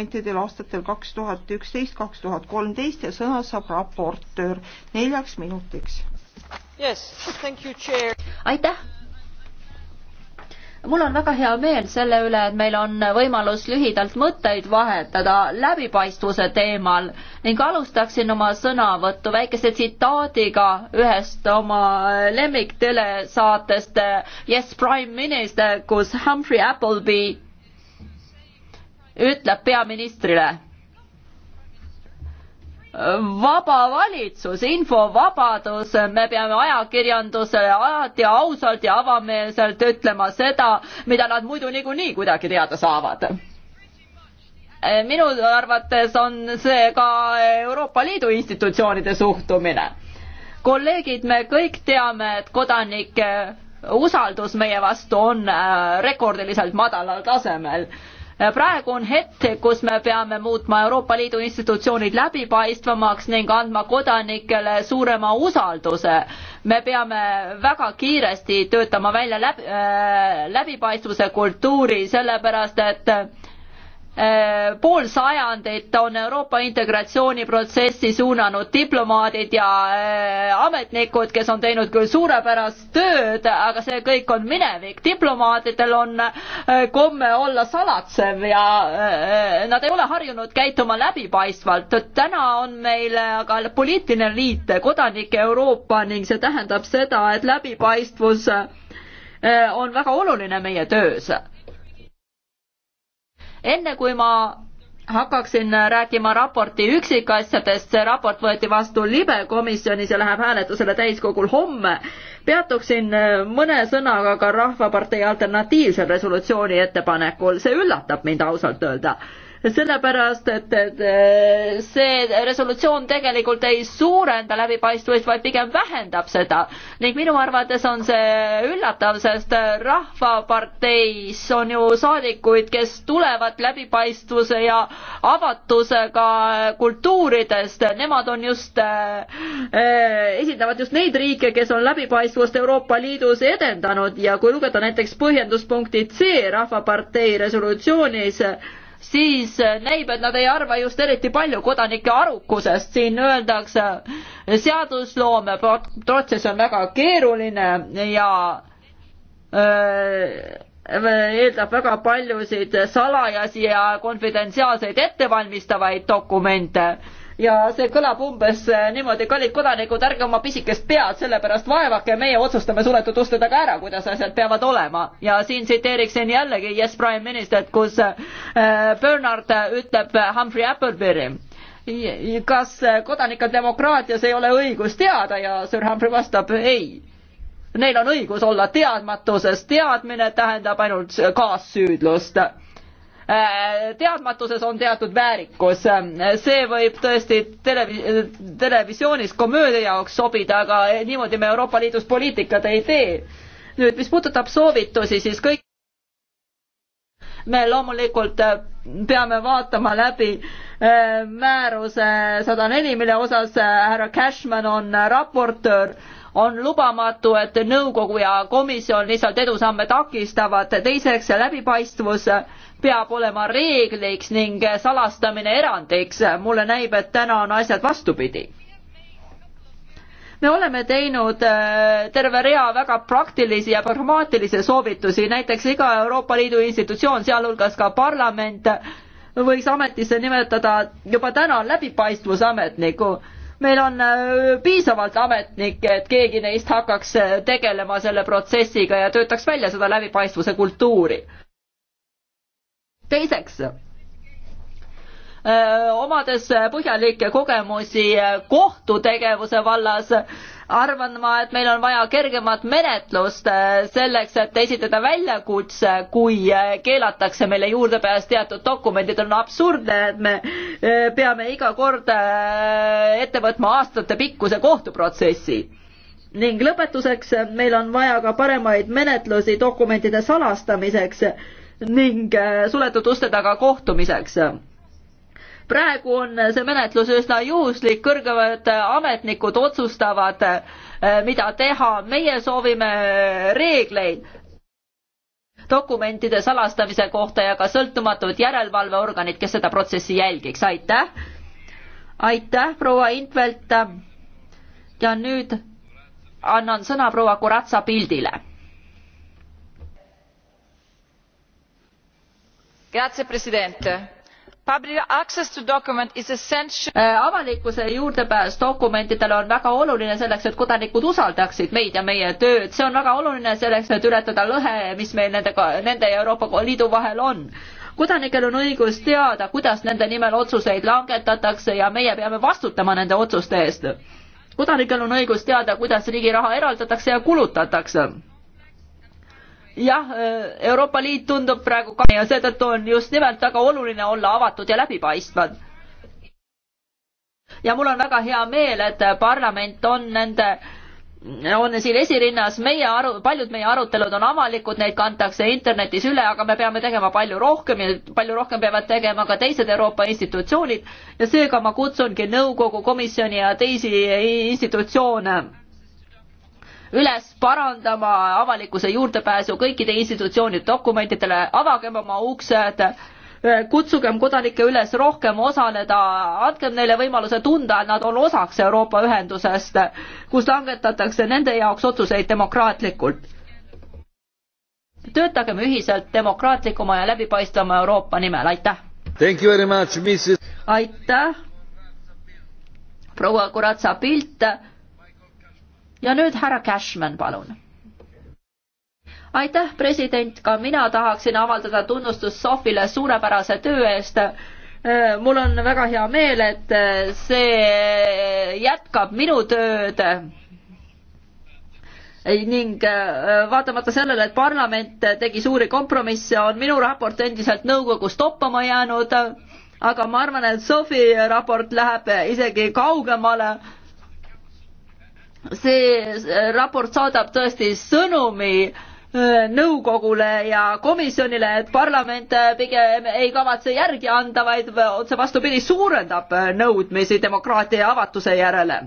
dokumentidel aastatel kaks tuhat üksteist, kaks tuhat kolmteist ja sõna saab raportöör neljaks minutiks yes,. aitäh mul on väga hea meel selle üle, et meil on võimalus lühidalt mõtteid vahetada läbipaistvuse teemal ning alustaksin oma sõnavõttu väikese tsitaadiga ühest oma lemmiktelesaatest Yes, Prime Minister, kus Humphrey Appleby ütleb peaministrile vaba valitsus, infovabadus, me peame ajakirjandusele alati ausalt ja avameelselt ütlema seda, mida nad muidu niikuinii kuidagi teada saavad. minu arvates on see ka Euroopa Liidu institutsioonide suhtumine. kolleegid, me kõik teame, et kodanike usaldus meie vastu on äh, rekordiliselt madalal tasemel praegu on hetk, kus me peame muutma Euroopa Liidu institutsioonid läbipaistvamaks ning andma kodanikele suurema usalduse. me peame väga kiiresti töötama välja läbi, äh, läbipaistvuse kultuuri, sellepärast et Äh, pool sajandit on Euroopa integratsiooniprotsessi suunanud diplomaadid ja äh, ametnikud, kes on teinud küll suurepärast tööd, aga see kõik on minevik. diplomaatidel on äh, komme olla salatsev ja nad ei ole harjunud käituma läbipaistvalt. täna on meil aga poliitiline liit, kodanike Euroopa ning see tähendab seda, et läbipaistvus on väga oluline meie töös enne kui ma hakkaksin rääkima raporti üksikasjadest, see raport võeti vastu libe komisjonis ja läheb hääletusele täiskogul homme, peatuksin mõne sõnaga ka Rahvapartei alternatiivsel resolutsiooni ettepanekul, see üllatab mind ausalt öelda sellepärast, et, et see resolutsioon tegelikult ei suurenda läbipaistvust, vaid pigem vähendab seda. ning minu arvates on see üllatav, sest Rahvaparteis on ju saadikuid, kes tulevad läbipaistvuse ja avatusega kultuuridest, nemad on just eh,, esindavad just neid riike, kes on läbipaistvust Euroopa Liidus edendanud ja kui lugeda näiteks põhjenduspunkti C Rahvapartei resolutsioonis, siis eh, näib, et nad ei arva just eriti palju kodanike arukusest, siin öeldakse, seadusloome protsess on väga keeruline ja öö, eh, eeldab väga paljusid salajasi ja konfidentsiaalseid ettevalmistavaid dokumente ja see kõlab umbes äh, niimoodi, kallid kodanikud, ärge oma pisikest pead selle pärast vaevake, meie otsustame suletud uste taga ära, kuidas asjad peavad olema. ja siin tsiteeriksin jällegi Yes Prime Ministerit, kus äh, Bernard ütleb äh, Humphrey Appleberry kas kodanikel demokraatias ei ole õigus teada ja Sir Humphrey vastab ei neil on õigus olla teadmatuses, teadmine tähendab ainult kaassüüdlust Äh, teadmatuses on teatud väärikus. see võib tõesti televi-, televisioonis komöödia jaoks sobida, aga niimoodi me Euroopa Liidus poliitikat ei tee. nüüd, mis puudutab soovitusi, siis kõik me loomulikult äh, peame vaatama läbi äh, määruse sada neli, mille osas härra Cashman on raportöör on lubamatu, et nõukogu ja komisjon lihtsalt edusamme takistavad, teiseks läbipaistvus, peab olema reegliks ning salastamine erandiks. mulle näib, et täna on asjad vastupidi me oleme teinud äh, terve rea väga praktilisi ja pragmaatilisi soovitusi, näiteks iga Euroopa Liidu institutsioon, sealhulgas ka parlament, võiks ametisse nimetada juba täna läbipaistvusametniku. meil on äh, piisavalt ametnikke, et keegi neist hakkaks äh, tegelema selle protsessiga ja töötaks välja seda läbipaistvuse kultuuri teiseks, omades põhjalikke kogemusi kohtutegevuse vallas, arvan ma, et meil on vaja kergemat menetlust selleks, et esitada väljakutse, kui keelatakse meile juurdepääs teatud dokumendid, on absurdne, et me peame iga kord ette võtma aastatepikkuse kohtuprotsessi ning lõpetuseks meil on vaja ka paremaid menetlusi dokumentide salastamiseks ning äh, suletud uste taga kohtumiseks praegu on see menetlus üsna juhuslik, kõrgemad ametnikud otsustavad, äh, mida teha, meie soovime reegleid dokumentide salastamise kohta ja ka sõltumatud järelevalveorganid, kes seda protsessi jälgiks, aitäh. aitäh, proua Intvelt. ja nüüd annan sõna proua Kuratsa pildile mr president public access to documents is essential. Äh, avalikkuse juurdepääs dokumentidele on väga oluline selleks et kodanikud usaldaksid meid ja meie tööd see on väga oluline selleks et ületada lõhe mis meil nendega nende ja euroopa liidu vahel on kodanikel on õigus teada kuidas nende nimel otsuseid langetatakse ja meie peame vastutama nende otsuste eest kodanikel on õigus teada kuidas riigi raha eraldatakse ja kulutatakse jah, eh, Euroopa Liit tundub praegu ka ja seetõttu on just nimelt väga oluline olla avatud ja läbipaistvad. ja mul on väga hea meel, et parlament on nende on siin esirinnas, meie aru, paljud meie arutelud on avalikud, neid kantakse internetis üle, aga me peame tegema palju rohkem ja palju rohkem peavad tegema ka teised Euroopa institutsioonid ja seega ma kutsungi nõukogu, komisjoni ja teisi institutsioone üles parandama avalikkuse juurdepääsu kõikide institutsioonide dokumentidele, avagem oma uksed, kutsugem kodanikke üles rohkem osaleda, andkem neile võimaluse tunda, et nad on osaks Euroopa ühendusest, kus langetatakse nende jaoks otsuseid demokraatlikult. töötagem ühiselt demokraatlikuma ja läbipaistvama Euroopa nimel, aitäh! aitäh, proua Kuratsa Pilt ja nüüd härra Cashman, palun aitäh, president, ka mina tahaksin avaldada tunnustust Sofile suurepärase töö eest. Äh, mul on väga hea meel, et äh, see jätkab minu tööd. ning äh, vaatamata sellele, et parlament tegi suuri kompromisse, on minu raport endiselt nõukogus toppama jäänud. aga ma arvan, et Sofi raport läheb isegi kaugemale see raport saadab tõesti sõnumi äh, nõukogule ja komisjonile, et parlament äh, pigem ei kavatse järgi anda, vaid otse vastupidi, suurendab äh, nõudmisi demokraatia ja avatuse järele.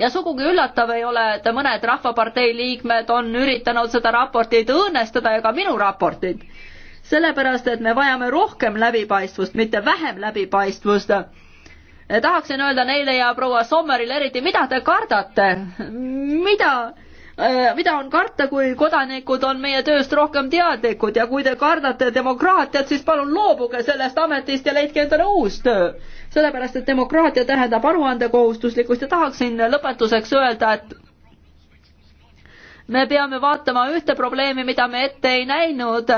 ja sugugi üllatav ei ole, et mõned Rahvapartei liikmed on üritanud seda raportit õõnestada ja ka minu raportit. sellepärast, et me vajame rohkem läbipaistvust, mitte vähem läbipaistvust tahaksin öelda neile ja proua Sommerile eriti, mida te kardate, mida, äh, mida on karta, kui kodanikud on meie tööst rohkem teadlikud ja kui te kardate demokraatiat, siis palun loobuge sellest ametist ja leidke endale uus töö. sellepärast, et demokraatia tähendab aruandekohustuslikkust ja tahaksin lõpetuseks öelda, et me peame vaatama ühte probleemi, mida me ette ei näinud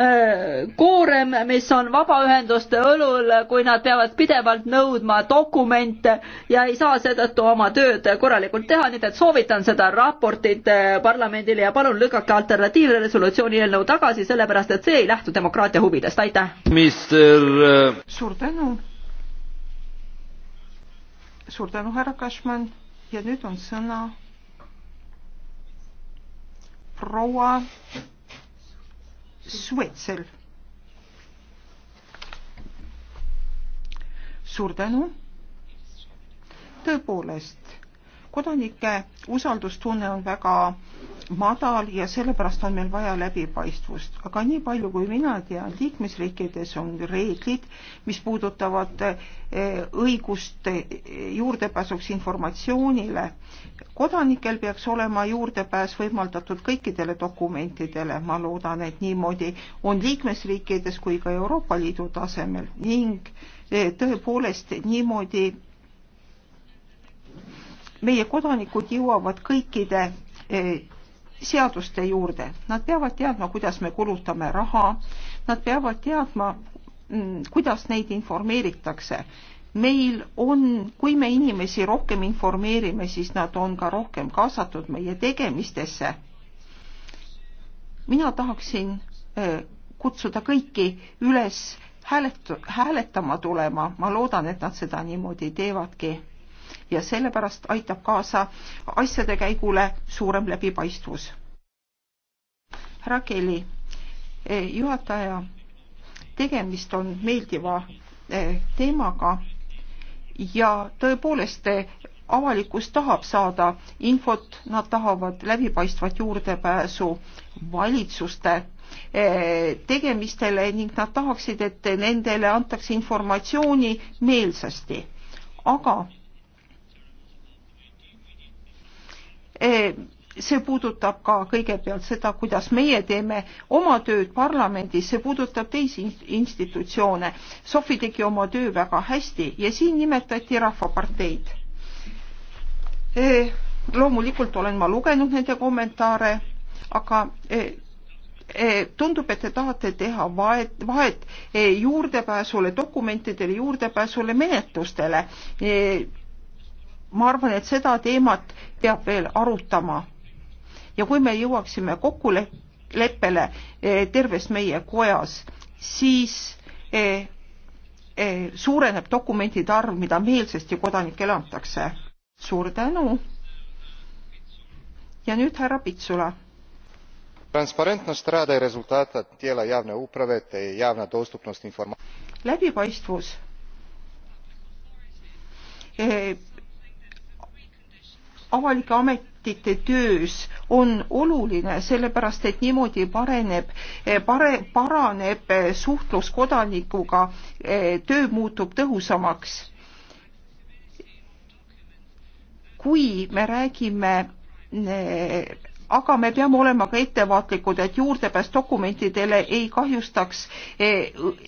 Äh, koorem, mis on vabaühenduste õlul, kui nad peavad pidevalt nõudma dokumente ja ei saa seetõttu oma tööd korralikult teha, nii et soovitan seda raportit äh, parlamendile ja palun lükake alternatiivne resolutsiooni eelnõu tagasi, sellepärast et see ei lähtu demokraatia huvidest, aitäh. minister. Äh, suur tänu. suur tänu, härra Kašman ja nüüd on sõna proua Suetsel. suur tänu. tõepoolest, kodanike usaldustunne on väga madal ja sellepärast on meil vaja läbipaistvust. aga nii palju, kui mina tean, liikmesriikides on reeglid, mis puudutavad eh, õigust eh, juurdepääsuks informatsioonile. kodanikel peaks olema juurdepääs võimaldatud kõikidele dokumentidele, ma loodan, et niimoodi on liikmesriikides kui ka Euroopa Liidu tasemel ning eh, tõepoolest niimoodi meie kodanikud jõuavad kõikide seaduste juurde, nad peavad teadma, kuidas me kulutame raha, nad peavad teadma, mm, kuidas neid informeeritakse. meil on, kui me inimesi rohkem informeerime, siis nad on ka rohkem kaasatud meie tegemistesse. mina tahaksin äh, kutsuda kõiki üles hääletu-, hääletama tulema, ma loodan, et nad seda niimoodi teevadki ja sellepärast aitab kaasa asjade käigule suurem läbipaistvus. härra Kelly, eh, juhataja, tegemist on meeldiva eh, teemaga ja tõepoolest eh, avalikkus tahab saada infot, nad tahavad läbipaistvat juurdepääsu valitsuste tegemistele ning nad tahaksid, et nendele antakse informatsiooni meelsasti. aga Eh, see puudutab ka kõigepealt seda, kuidas meie teeme oma tööd parlamendis, see puudutab teisi institutsioone. Sofi tegi oma töö väga hästi ja siin nimetati Rahvaparteid. Eh, loomulikult olen ma lugenud nende kommentaare, aga eh, tundub, et te tahate teha vahet, vahet juurdepääsule dokumentidele, juurdepääsule menetlustele ma arvan, et seda teemat peab veel arutama. ja kui me jõuaksime kokkuleppele eh, terves meie kojas, siis eh, eh, suureneb dokumentide arv, mida meelsasti kodanikele antakse. suur tänu. ja nüüd härra Pitsula. transparentnost rada i rezultata tijela javne uprave te javna dostupnost informa-. läbipaistvus avalike ametite töös on oluline, sellepärast et niimoodi pareneb, eh, pare-, paraneb eh, suhtlus kodanikuga, eh, töö muutub tõhusamaks. kui me räägime aga me peame olema ka ettevaatlikud, et juurdepääs dokumentidele ei kahjustaks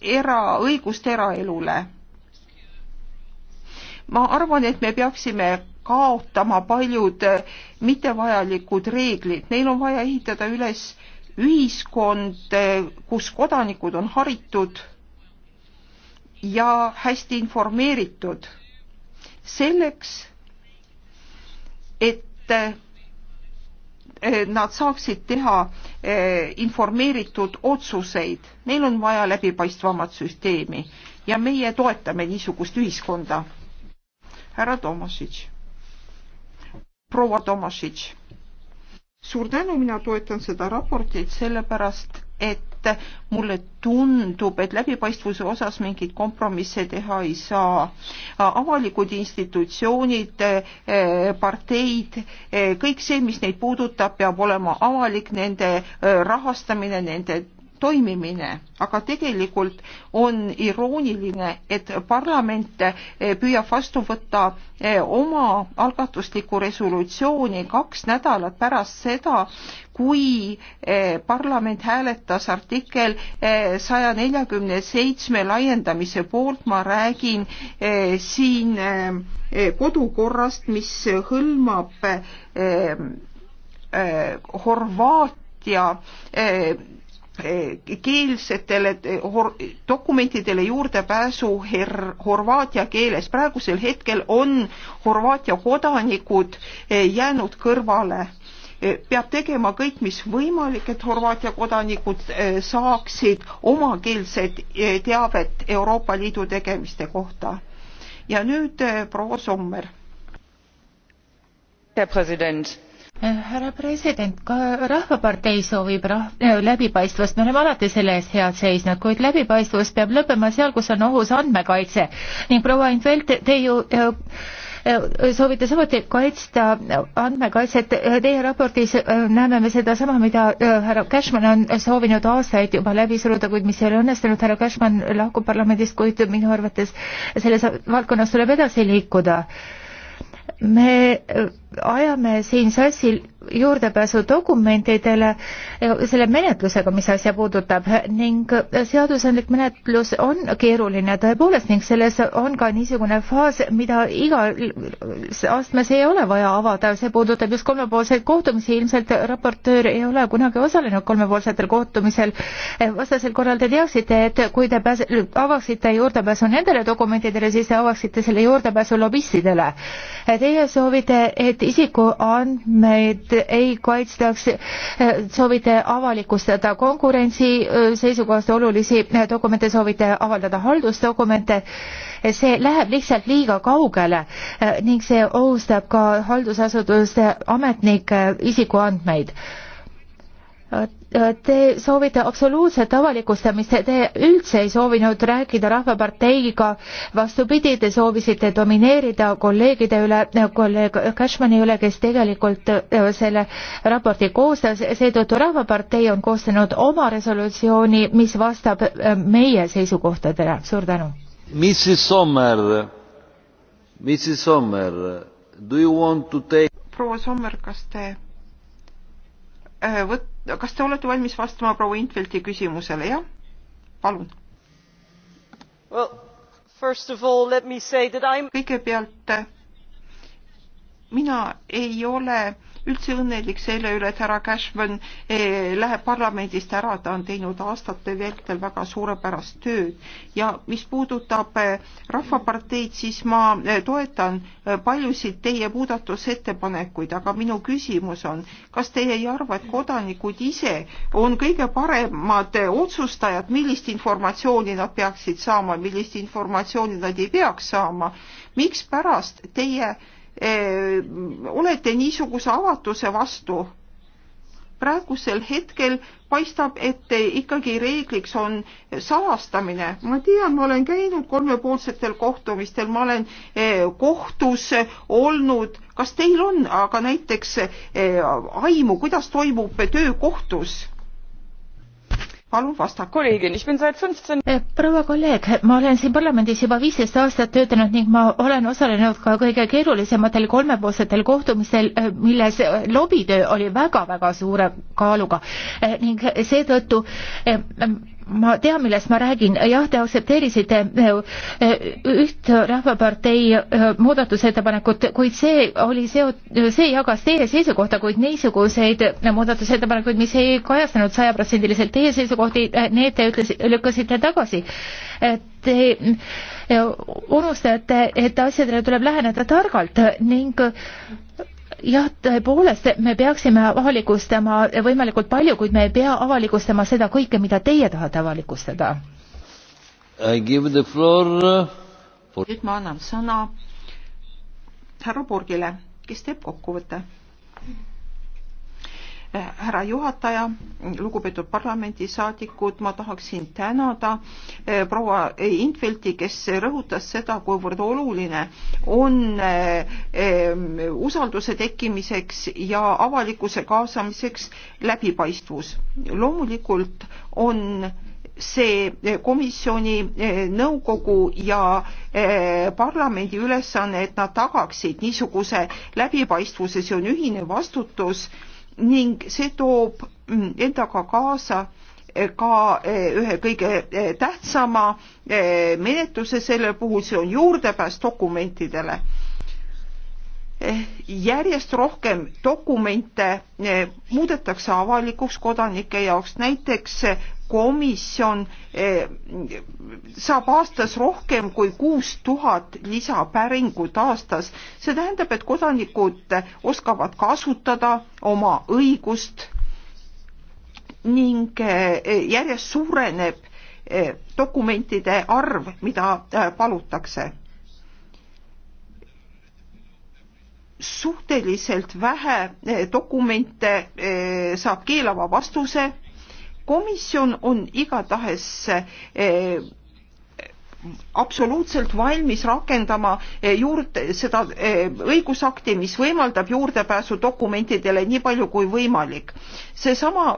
era, õigust eraelule. ma arvan, et me peaksime kaotama paljud eh, mittevajalikud reeglid. Neil on vaja ehitada üles ühiskond, eh, kus kodanikud on haritud ja hästi informeeritud selleks, et eh, nad saaksid teha informeeritud otsuseid. Neil on vaja läbipaistvamat süsteemi ja meie toetame niisugust ühiskonda. härra Tomasic proua Tomašitš. suur tänu, mina toetan seda raportit sellepärast, et mulle tundub, et läbipaistvuse osas mingeid kompromisse teha ei saa. avalikud institutsioonid, parteid, kõik see, mis neid puudutab, peab olema avalik, nende rahastamine, nende toimimine, aga tegelikult on irooniline, et parlament eh, püüab vastu võtta eh, oma algatuslikku resolutsiooni kaks nädalat pärast seda, kui eh, parlament hääletas artikkel saja neljakümne seitsme laiendamise poolt, ma räägin siin kodukorrast, mis hõlmab Horvaatia Eh, keelsetele eh, dokumentidele juurdepääsu horvaatia keeles. praegusel hetkel on Horvaatia kodanikud eh, jäänud kõrvale. peab tegema kõik, mis võimalik, et Horvaatia kodanikud saaksid omakeelset teavet Euroopa Liidu tegemiste kohta. ja nüüd proua Sommer. Herr Präsident härra president, ka Rahvapartei soovib rah-, äh, läbipaistvust, me oleme alati selle eest head seisnud, kuid läbipaistvus peab lõppema seal, kus on ohus andmekaitse ning proua Intvelt, te ju äh, äh, soovite samuti kaitsta andmekaitset, teie raportis näeme me sedasama, mida härra Cashman on soovinud aastaid juba läbi suruda, kuid mis ei ole õnnestunud, härra Cashman lahkub parlamendist, kuid minu arvates selles valdkonnas tuleb edasi liikuda me äh, ajame siin sassi juurdepääsu dokumentidele selle menetlusega, mis asja puudutab ning seadusandlik menetlus on keeruline tõepoolest ning selles on ka niisugune faas, mida igal astmes ei ole vaja avada, see puudutab just kolmepoolseid kohtumisi, ilmselt raportöör ei ole kunagi osalenud kolmepoolsetel kohtumisel. vastasel korral te teaksite, et kui te pääse, avaksite juurdepääsu nendele dokumentidele, siis te avaksite selle juurdepääsu lobistidele. Teie soovite, et isikuandmeid ei kaitstaks. Eh, soovite avalikustada konkurentsi eh, seisukohast olulisi eh, dokumente, soovite avaldada haldusdokumente. see läheb lihtsalt liiga kaugele ning see ohustab ka haldusasutuste ametnike isikuandmeid Äh, äh, te soovite absoluutset avalikustamist, te üldse ei soovinud rääkida Rahvaparteiga, vastupidi, te soovisite domineerida kolleegide üle, äh, kolleeg Cashmani üle, kes tegelikult selle raporti koostas, seetõttu Rahvapartei on koostanud oma resolutsiooni, mis vastab meie seisukohtadele, suur tänu. proua Sommer, kas te Äh, võt-, kas te olete valmis vastama proua Intvelti küsimusele, jah? palun well,. kõigepealt mina ei ole üldse õnnelik selle üle, et härra Cashman eh, läheb parlamendist ära, ta on teinud aastate vältel väga suurepärast tööd ja mis puudutab eh, Rahvaparteid, siis ma eh, toetan paljusid teie muudatusettepanekuid, aga minu küsimus on, kas teie ei arva, et kodanikud ise on kõige paremad otsustajad, millist informatsiooni nad peaksid saama, millist informatsiooni nad ei peaks saama, mikspärast teie Eh, olete niisuguse avatuse vastu? praegusel hetkel paistab, et ikkagi reegliks on salastamine. ma tean, ma olen käinud kolmepoolsetel kohtumistel, ma olen eh, kohtus olnud. kas teil on aga näiteks eh, aimu, kuidas toimub töö kohtus? palun vasta kolleegil, ich bin seit 15 eh, proua kolleeg, ma olen siin parlamendis juba viisteist aastat töötanud ning ma olen osalenud ka kõige keerulisematel kolmepoolsetel kohtumistel, eh, milles eh, lobitöö oli väga-väga suure kaaluga ning seetõttu ma tean, millest ma räägin, jah, te aktsepteerisite eh, eh, üht Rahvapartei eh, muudatusettepanekut, kuid see oli seot-, see jagas teie seisukohta, kuid niisuguseid muudatusettepanekuid, mis ei kajastanud sajaprotsendiliselt teie seisukohti, need te ütles, lükkasite tagasi. Te unustate, et asjadele tuleb läheneda targalt ning jah, tõepoolest, me peaksime avalikustama võimalikult palju, kuid me ei pea avalikustama seda kõike, mida teie tahate avalikustada. Uh, for... nüüd ma annan sõna härra Purgile, kes teeb kokkuvõtte härra juhataja, lugupeetud parlamendisaadikud, ma tahaksin tänada eh, proua Infeldti, kes rõhutas seda, kuivõrd oluline on eh, eh, usalduse tekkimiseks ja avalikkuse kaasamiseks läbipaistvus. loomulikult on see komisjoni nõukogu ja parlamendi ülesanne, et nad tagaksid niisuguse läbipaistvuse, see on ühine vastutus ning see toob mm, endaga kaasa eh, ka eh, ühe kõige eh, tähtsama menetluse sellel puhul, see on juurdepääs dokumentidele Eh, järjest rohkem dokumente eh, muudetakse avalikuks kodanike jaoks, näiteks eh, komisjon saab aastas rohkem kui kuus tuhat lisapäringut aastas. see tähendab, et kodanikud oskavad kasutada oma õigust ning järjest suureneb dokumentide arv, mida palutakse suhteliselt vähe eh, dokumente eh, saab keelava vastuse. komisjon on igatahes eh, absoluutselt valmis rakendama juurde seda õigusakti, mis võimaldab juurdepääsu dokumentidele nii palju kui võimalik. seesama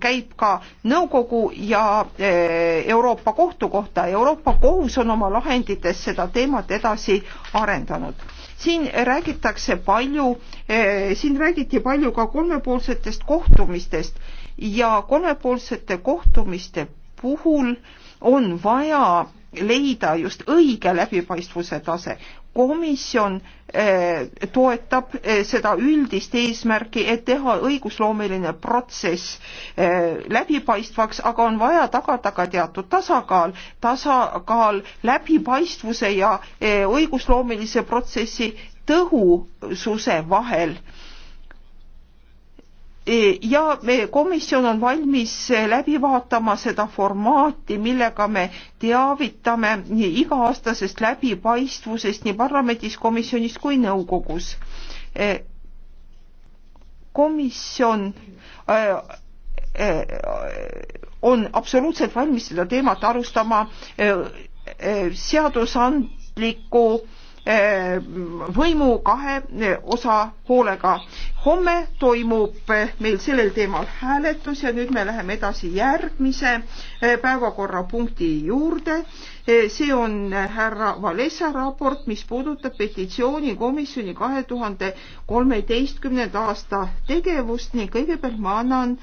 käib ka nõukogu ja Euroopa Kohtu kohta. Euroopa Kohus on oma lahendites seda teemat edasi arendanud siin räägitakse palju, eh, siin räägiti palju ka kolmepoolsetest kohtumistest ja kolmepoolsete kohtumiste puhul on vaja leida just õige läbipaistvuse tase. komisjon eh, toetab eh, seda üldist eesmärki, et teha õigusloomeline protsess eh, läbipaistvaks, aga on vaja tagada ka teatud tasakaal, tasakaal läbipaistvuse ja õigusloomelise protsessi tõhususe vahel ja meie komisjon on valmis läbi vaatama seda formaati, millega me teavitame iga-aastasest läbipaistvusest nii parlamendis, komisjonis kui nõukogus. E, komisjon e, e, on absoluutselt valmis seda teemat arustama seadusandliku Äh, võimu kahe äh, osa hoolega. homme toimub äh, meil sellel teemal hääletus ja nüüd me läheme edasi järgmise päevakorrapunkti juurde. see on härra Valesa raport, mis puudutab petitsioonikomisjoni kahe tuhande kolmeteistkümnenda aasta tegevust ning kõigepealt ma annan